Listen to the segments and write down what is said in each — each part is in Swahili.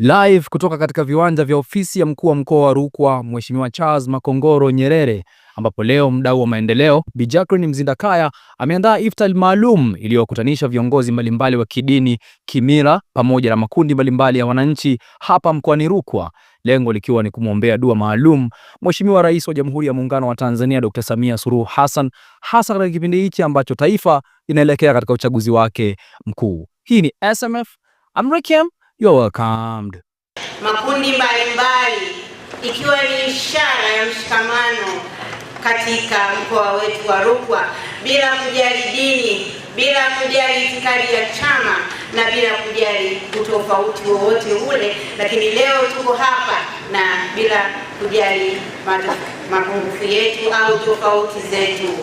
Live kutoka katika viwanja vya ofisi ya mkuu wa mkoa wa Rukwa, Mheshimiwa Charles Makongoro Nyerere, ambapo leo mdau wa maendeleo Bi Jacqueline Mzindakaya ameandaa iftar maalum iliyowakutanisha viongozi mbalimbali wa kidini, kimila pamoja na makundi mbalimbali ya wananchi hapa mkoani Rukwa, lengo likiwa ni kumwombea dua maalum Mheshimiwa Rais wa Jamhuri ya Muungano wa Tanzania Dr. Samia Suluhu Hassan, hasa katika kipindi hichi ambacho taifa linaelekea katika uchaguzi wake mkuu. Hii ni SMF Amrekem. You're welcome. Makundi mbalimbali ikiwa ni ishara ya mshikamano katika mkoa wetu wa Rukwa bila kujali dini, bila kujali itikadi ya chama na bila kujali utofauti wowote ule, lakini leo tuko hapa na bila kujali mapungufu yetu au tofauti zetu.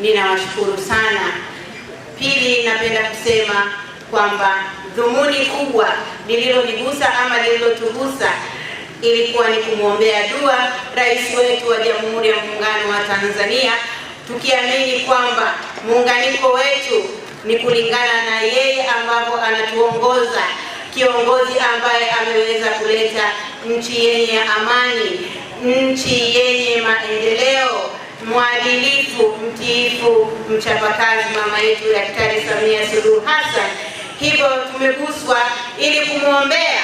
Ninawashukuru sana. Pili, napenda kusema kwamba dhumuni kubwa lililonigusa ama lililotugusa ilikuwa ni kumwombea dua rais wetu wa Jamhuri ya Muungano wa Tanzania, tukiamini kwamba muunganiko wetu ni kulingana na yeye ambapo anatuongoza, kiongozi ambaye ameweza kuleta nchi yenye amani, nchi yenye maendeleo, mwadilifu, mtiifu, mchapakazi, mama yetu Daktari Samia Suluhu Hassan. Hivyo tumeguswa ili kumwombea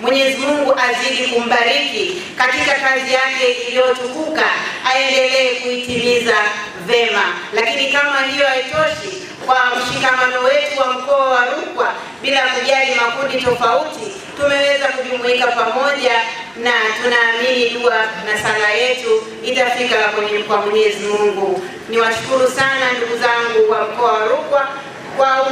Mwenyezi Mungu azidi kumbariki katika kazi yake iliyotukuka, aendelee kuitimiza vema. Lakini kama hiyo haitoshi, kwa mshikamano wetu wa mkoa wa Rukwa, bila kujali makundi tofauti, tumeweza kujumuika pamoja, na tunaamini dua na sala yetu itafika kwa Mwenyezi Mungu. Niwashukuru sana ndugu zangu wa mkoa wa Rukwa kwa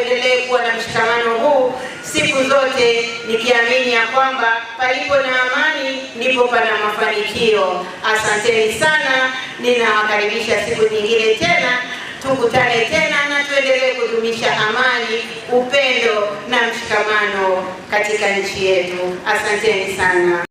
tuendelee kuwa na mshikamano huu siku zote, nikiamini ya kwamba palipo na amani ndipo pana mafanikio. Asanteni sana, ninawakaribisha siku nyingine tena, tukutane tena na tuendelee kudumisha amani, upendo na mshikamano katika nchi yetu. Asanteni sana.